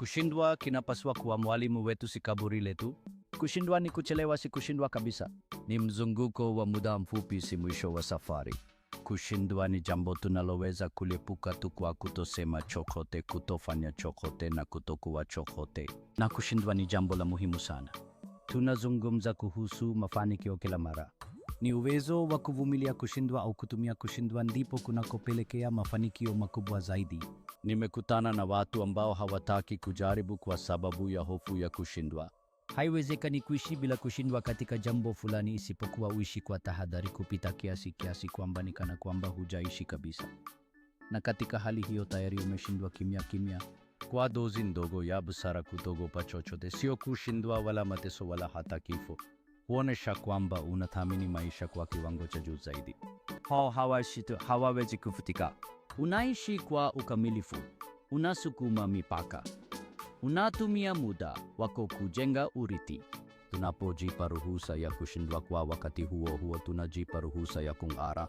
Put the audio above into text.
Kushindwa kinapaswa kuwa mwalimu wetu, si kaburi letu. Kushindwa ni kuchelewa, si kushindwa kabisa. Ni mzunguko wa muda mfupi, si mwisho wa safari. Kushindwa ni jambo tunaloweza kuliepuka tu kwa kutosema chochote, kutofanya chochote na kutokuwa chochote. Na kushindwa ni jambo la muhimu sana. Tunazungumza kuhusu mafanikio kila mara, ni uwezo wa kuvumilia kushindwa au kutumia kushindwa ndipo kunakopelekea mafanikio makubwa zaidi. Nimekutana na watu ambao hawataki kujaribu kwa sababu ya hofu ya kushindwa. Haiwezekani kuishi bila kushindwa katika jambo fulani, isipokuwa uishi kwa tahadhari kupita kiasi, kiasi kwamba ni kana kwamba hujaishi kabisa, na katika hali hiyo tayari umeshindwa kimya kimya kwa dozi ndogo ya busara. Kutogopa chochote sio kushindwa, wala mateso, wala hata kifo kuonesha kwamba unathamini maisha kwa kiwango cha juu zaidi. Hao hawawezi kufutika. Unaishi kwa ukamilifu, unasukuma mipaka, unatumia muda wako kujenga urithi. Tunapojipa ruhusa ya kushindwa kwa wakati huo huo, tunajipa ruhusa ya kung'ara.